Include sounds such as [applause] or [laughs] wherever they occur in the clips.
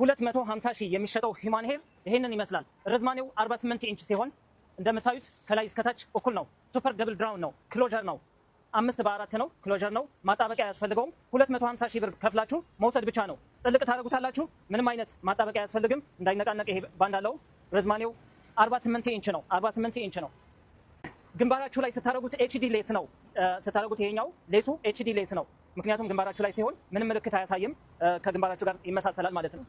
250 ሺህ የሚሸጠው ሂማን ሄር ይሄንን ይመስላል። ርዝማኔው 48 ኢንች ሲሆን እንደምታዩት ከላይ እስከታች እኩል ነው። ሱፐር ደብል ድራውን ነው። ክሎር ነው። አምስት በአራት ነው። ክሎር ነው። ማጣበቂያ ያስፈልገውም 250 ሺህ ብር ከፍላችሁ መውሰድ ብቻ ነው። ጥልቅ ታደርጉታላችሁ። ምንም አይነት ማጣበቂያ አያስፈልግም። እንዳይነቃነቅ ይሄ ባንድ አለው። ርዝማኔው 48 ኢንች ነው። 48 ኢንች ነው። ግንባራችሁ ላይ ስታደርጉት ኤችዲ ሌስ ነው ስታደርጉት። ይሄኛው ሌሱ ኤችዲ ሌስ ነው። ምክንያቱም ግንባራችሁ ላይ ሲሆን ምንም ምልክት አያሳይም፣ ከግንባራችሁ ጋር ይመሳሰላል ማለት ነው።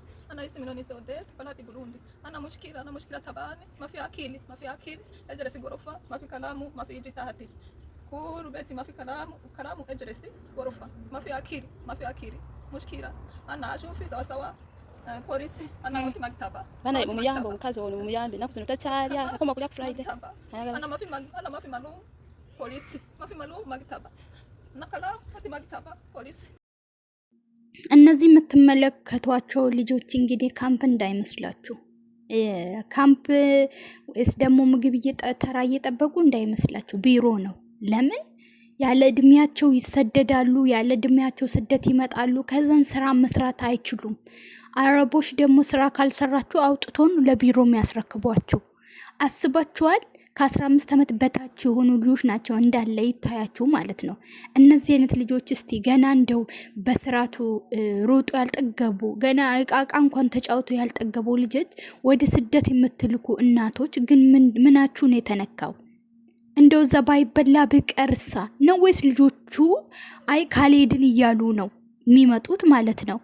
Bana mumuyambe omukazi ono mumuyambe ennaku zino takyalya akoma kulya ku Friday. Ana mafi malumu polisi mafi malumu maktaba እነዚህ የምትመለከቷቸው ልጆች እንግዲህ ካምፕ እንዳይመስላችሁ ካምፕ ወይስ ደግሞ ምግብ ተራ እየጠበቁ እንዳይመስላችሁ፣ ቢሮ ነው። ለምን ያለ እድሜያቸው ይሰደዳሉ፣ ያለ እድሜያቸው ስደት ይመጣሉ። ከዛን ስራ መስራት አይችሉም። አረቦች ደግሞ ስራ ካልሰራችሁ አውጥቶን ለቢሮ የሚያስረክቧችሁ አስባችኋል። ከአስራ አምስት ዓመት በታች የሆኑ ልጆች ናቸው እንዳለ ይታያችሁ ማለት ነው። እነዚህ አይነት ልጆች እስቲ ገና እንደው በስርዓቱ ሮጦ ያልጠገቡ ገና እቃቃ እንኳን ተጫውቶ ያልጠገቡ ልጆች ወደ ስደት የምትልኩ እናቶች ግን ምናችሁ ነው የተነካው? እንደው እዛ ባይበላ ብቀርሳ ነው ወይስ ልጆቹ አይ ካልሄድን እያሉ ነው የሚመጡት ማለት ነው።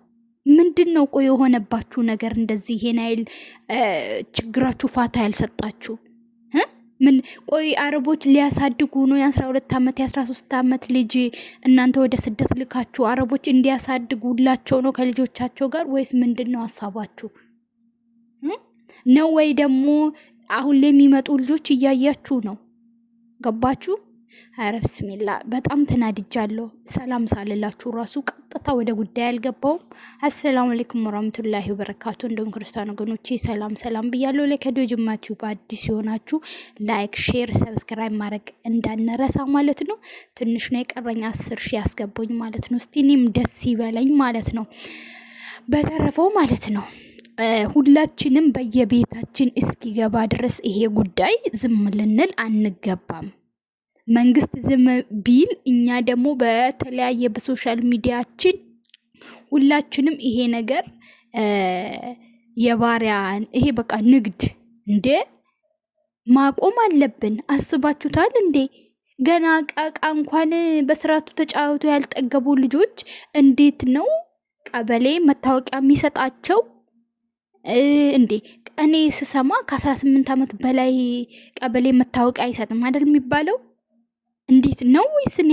ምንድን ነው ቆይ የሆነባችሁ ነገር? እንደዚህ ይሄን ያህል ችግራችሁ ፋታ ያልሰጣችሁ ምን ቆይ አረቦች ሊያሳድጉ ነው የአስራ ሁለት ዓመት የአስራ ሶስት ዓመት ልጅ እናንተ ወደ ስደት ልካችሁ አረቦች እንዲያሳድጉላቸው ነው ከልጆቻቸው ጋር ወይስ ምንድን ነው ሀሳባችሁ ነው? ወይ ደግሞ አሁን ለሚመጡ ልጆች እያያችሁ ነው? ገባችሁ? ኧረ ብስሚላ በጣም ተናድጃለሁ። ሰላም ሳልላችሁ ራሱ ቀጥታ ወደ ጉዳይ አልገባውም። አሰላሙ አለይኩም ወራህመቱላሂ ወበረካቱ። እንደውም ክርስቲያን ወገኖቼ ሰላም ሰላም ብያለሁ። ለከዲዮ ጅማችሁ በአዲስ የሆናችሁ ላይክ፣ ሼር፣ ሰብስክራይብ ማድረግ እንዳነረሳ ማለት ነው። ትንሽ ነው የቀረኝ አስር ሺ ያስገባኝ ማለት ነው። እስቲ እኔም ደስ ይበለኝ ማለት ነው። በተረፈው ማለት ነው ሁላችንም በየቤታችን እስኪገባ ድረስ ይሄ ጉዳይ ዝም ልንል አንገባም። መንግስት ዝም ቢል እኛ ደግሞ በተለያየ በሶሻል ሚዲያችን ሁላችንም ይሄ ነገር የባሪያ ይሄ በቃ ንግድ እንዴ ማቆም አለብን። አስባችሁታል እንዴ? ገና ቃቃ እንኳን በስርዓቱ ተጫወቱ ያልጠገቡ ልጆች እንዴት ነው ቀበሌ መታወቂያ የሚሰጣቸው እንዴ? እኔ ስሰማ ከአስራ ስምንት ዓመት በላይ ቀበሌ መታወቂያ አይሰጥም አይደል የሚባለው እንዴት ነው ወይስ እኔ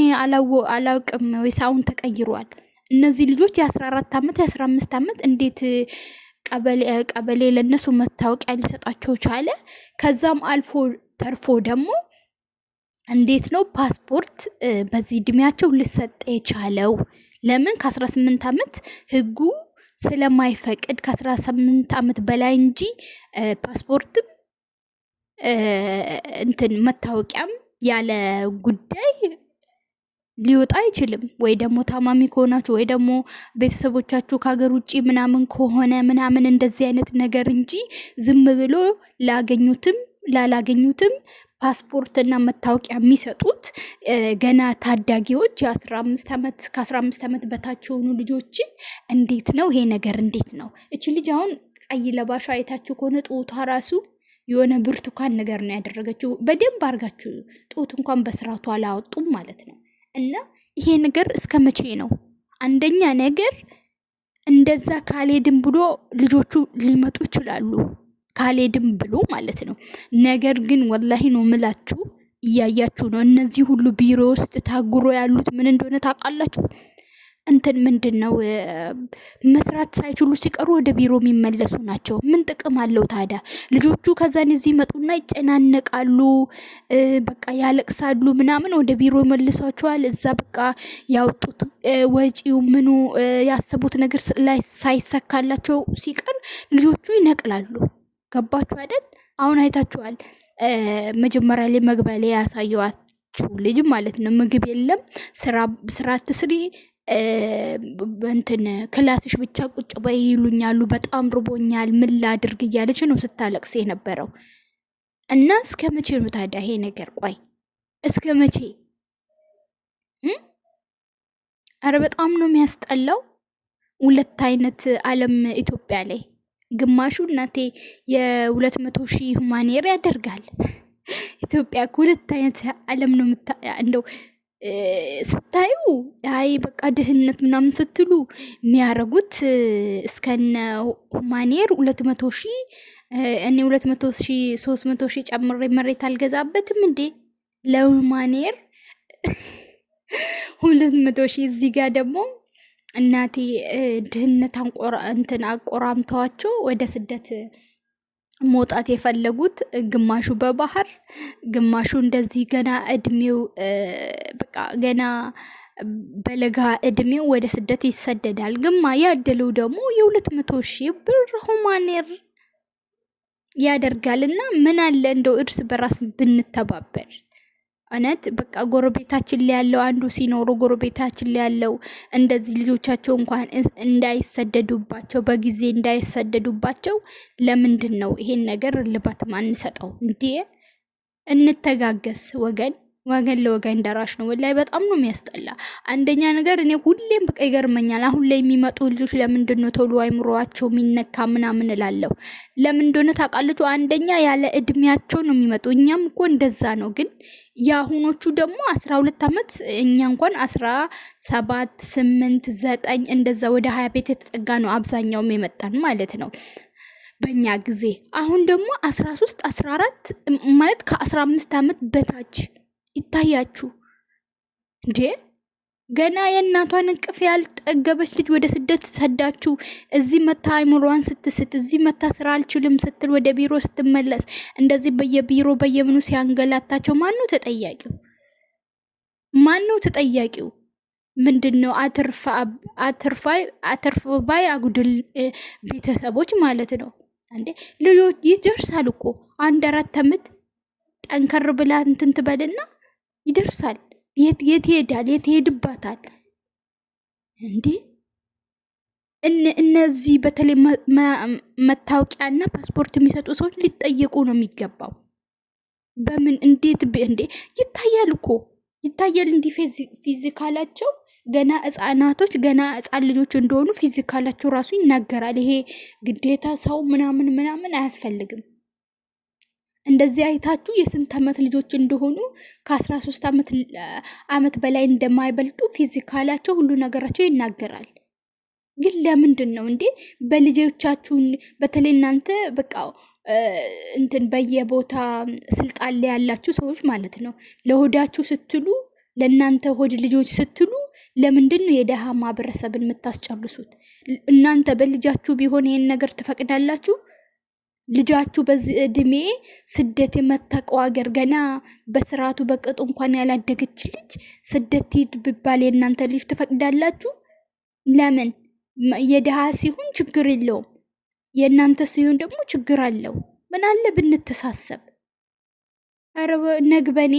አላውቅም ወይስ አሁን ተቀይሯል? እነዚህ ልጆች የ14 ዓመት የ15 ዓመት እንዴት ቀበሌ ለእነሱ መታወቂያ ሊሰጣቸው ቻለ? ከዛም አልፎ ተርፎ ደግሞ እንዴት ነው ፓስፖርት በዚህ እድሜያቸው ልሰጥ የቻለው? ለምን ከ18 ዓመት ህጉ ስለማይፈቅድ ከ18 ዓመት በላይ እንጂ ፓስፖርትም እንትን መታወቂያም ያለ ጉዳይ ሊወጣ አይችልም። ወይ ደግሞ ታማሚ ከሆናችሁ ወይ ደግሞ ቤተሰቦቻችሁ ከሀገር ውጭ ምናምን ከሆነ ምናምን እንደዚህ አይነት ነገር እንጂ ዝም ብሎ ላገኙትም ላላገኙትም ፓስፖርት እና መታወቂያ የሚሰጡት ገና ታዳጊዎች የአስራ አምስት ዓመት ከአስራ አምስት ዓመት በታች የሆኑ ልጆችን እንዴት ነው ይሄ ነገር? እንዴት ነው እች ልጅ አሁን ቀይ ለባሽ አይታችሁ ከሆነ ጡቷ ራሱ የሆነ ብርቱካን ነገር ነው ያደረገችው። በደንብ አርጋችሁ ጡት እንኳን በስርዓቱ አላወጡም ማለት ነው። እና ይሄ ነገር እስከ መቼ ነው? አንደኛ ነገር እንደዛ ካልሄድም ብሎ ልጆቹ ሊመጡ ይችላሉ፣ ካልሄድም ብሎ ማለት ነው። ነገር ግን ወላሂ ነው ምላችሁ እያያችሁ ነው። እነዚህ ሁሉ ቢሮ ውስጥ ታጉሮ ያሉት ምን እንደሆነ ታውቃላችሁ? እንትን ምንድን ነው መስራት ሳይችሉ ሲቀሩ ወደ ቢሮ የሚመለሱ ናቸው። ምን ጥቅም አለው ታዲያ? ልጆቹ ከዛን እዚህ መጡና ይጨናነቃሉ፣ በቃ ያለቅሳሉ ምናምን። ወደ ቢሮ ይመልሷቸዋል። እዛ በቃ ያወጡት ወጪው ምኑ ያሰቡት ነገር ሳይሰካላቸው ሲቀር ልጆቹ ይነቅላሉ። ገባችሁ አይደል? አሁን አይታችኋል። መጀመሪያ ላይ መግቢያ ላይ ያሳየዋት ልጅ ማለት ነው ምግብ የለም ስራ ስራ እንትን ክላስሽ ብቻ ቁጭ በይ ይሉኛሉ፣ በጣም ርቦኛል፣ ምን ላድርግ እያለች ነው ስታለቅስ የነበረው። እና እስከ መቼ ነው ታዲያ ይሄ ነገር? ቆይ እስከ መቼ? አረ በጣም ነው የሚያስጠላው። ሁለት አይነት አለም ኢትዮጵያ ላይ ግማሹ እናቴ የሁለት መቶ ሺህ ማኔር ያደርጋል። [laughs] ኢትዮጵያ ሁለት አይነት አለም ነው እንደው ስታዩ አይ በቃ ድህነት ምናምን ስትሉ የሚያደርጉት እስከነ ማኔር ሁለት መቶ ሺ እኔ ሁለት መቶ ሺ ሶስት መቶ ሺ ጨምሬ መሬት አልገዛበትም እንዴ ለማኔር ሁለት መቶ ሺ እዚህ ጋ ደግሞ እናቴ ድህነት እንትን አቆራምተዋቸው ወደ ስደት መውጣት የፈለጉት ግማሹ በባህር ግማሹ እንደዚህ ገና እድሜው በቃ ገና በለጋ እድሜው ወደ ስደት ይሰደዳል። ግማ ያደለው ደግሞ የሁለት መቶ ሺህ ብር ሁማኔር እና ምን አለ እንደው እርስ በራስ ብንተባበር እውነት በቃ ጎረቤታችን ላይ ያለው አንዱ ሲኖሩ ጎረቤታችን ላይ ያለው እንደዚህ ልጆቻቸው እንኳን እንዳይሰደዱባቸው በጊዜ እንዳይሰደዱባቸው ለምንድን ነው ይሄን ነገር ልባት ማንሰጠው? እንዲ እንተጋገስ ወገን ወገን ለወገን ደራሽ ነው። ወላይ በጣም ነው የሚያስጠላ። አንደኛ ነገር እኔ ሁሌም በቃ ይገርመኛል። አሁን ላይ የሚመጡ ልጆች ለምንድን ነው ቶሎ አይምሯቸው የሚነካ ምናምን እላለሁ። ለምን እንደሆነ ታውቃላችሁ? አንደኛ ያለ እድሜያቸው ነው የሚመጡ። እኛም እኮ እንደዛ ነው። ግን የአሁኖቹ ደግሞ አስራ ሁለት ዓመት እኛ እንኳን አስራ ሰባት ስምንት ዘጠኝ እንደዛ ወደ ሀያ ቤት የተጠጋ ነው አብዛኛውም የመጣን ማለት ነው በእኛ ጊዜ። አሁን ደግሞ አስራ ሶስት አስራ አራት ማለት ከአስራ አምስት ዓመት በታች ይታያችሁ እንዴ? ገና የእናቷን እንቅፍ ያልጠገበች ልጅ ወደ ስደት ሰዳችሁ። እዚህ መታ አይምሯን ስትስት፣ እዚህ መታ ስራ አልችልም ስትል ወደ ቢሮ ስትመለስ፣ እንደዚህ በየቢሮ በየምኑ ሲያንገላታቸው ማነው ተጠያቂው? ማነው ተጠያቂው? ምንድን ነው አትርፋባይ አጉድል ቤተሰቦች ማለት ነው እንዴ? ልጆች ይደርሳል እኮ አንድ አራት ተምት ጠንከር ብላ እንትን ትበልና ይደርሳል። የት የት ይሄዳል? የት ይሄድባታል? እንዴ እነዚህ በተለይ እና ፓስፖርት የሚሰጡ ሰዎች ሊጠየቁ ነው የሚገባው። በምን እንዴት እንዴ ይታያል እኮ ይታያል። እንዲህ ፊዚካላቸው ገና ህጻናቶች ገና ህጻን ልጆች እንደሆኑ ፊዚካላቸው ራሱ ይናገራል። ይሄ ግዴታ ሰው ምናምን ምናምን አያስፈልግም። እንደዚህ አይታችሁ የስንት ዓመት ልጆች እንደሆኑ ከአስራ ሶስት ዓመት በላይ እንደማይበልጡ ፊዚካላቸው ሁሉ ነገራቸው ይናገራል። ግን ለምንድን ነው እንዴ በልጆቻችሁን በተለይ እናንተ በቃ እንትን በየቦታ ስልጣን ላይ ያላችሁ ሰዎች ማለት ነው ለሆዳችሁ ስትሉ ለእናንተ ሆድ ልጆች ስትሉ ለምንድን ነው የደሃ ማህበረሰብን የምታስጨርሱት? እናንተ በልጃችሁ ቢሆን ይሄን ነገር ትፈቅዳላችሁ? ልጃችሁ በዚህ እድሜ ስደት የመታቀው ሀገር ገና በስርዓቱ በቅጡ እንኳን ያላደገች ልጅ ስደት ሂድ ብባል የእናንተ ልጅ ትፈቅዳላችሁ? ለምን? የድሃ ሲሆን ችግር የለውም፣ የእናንተ ሲሆን ደግሞ ችግር አለው። ምን አለ ብንተሳሰብ? ኧረ ነግበኔ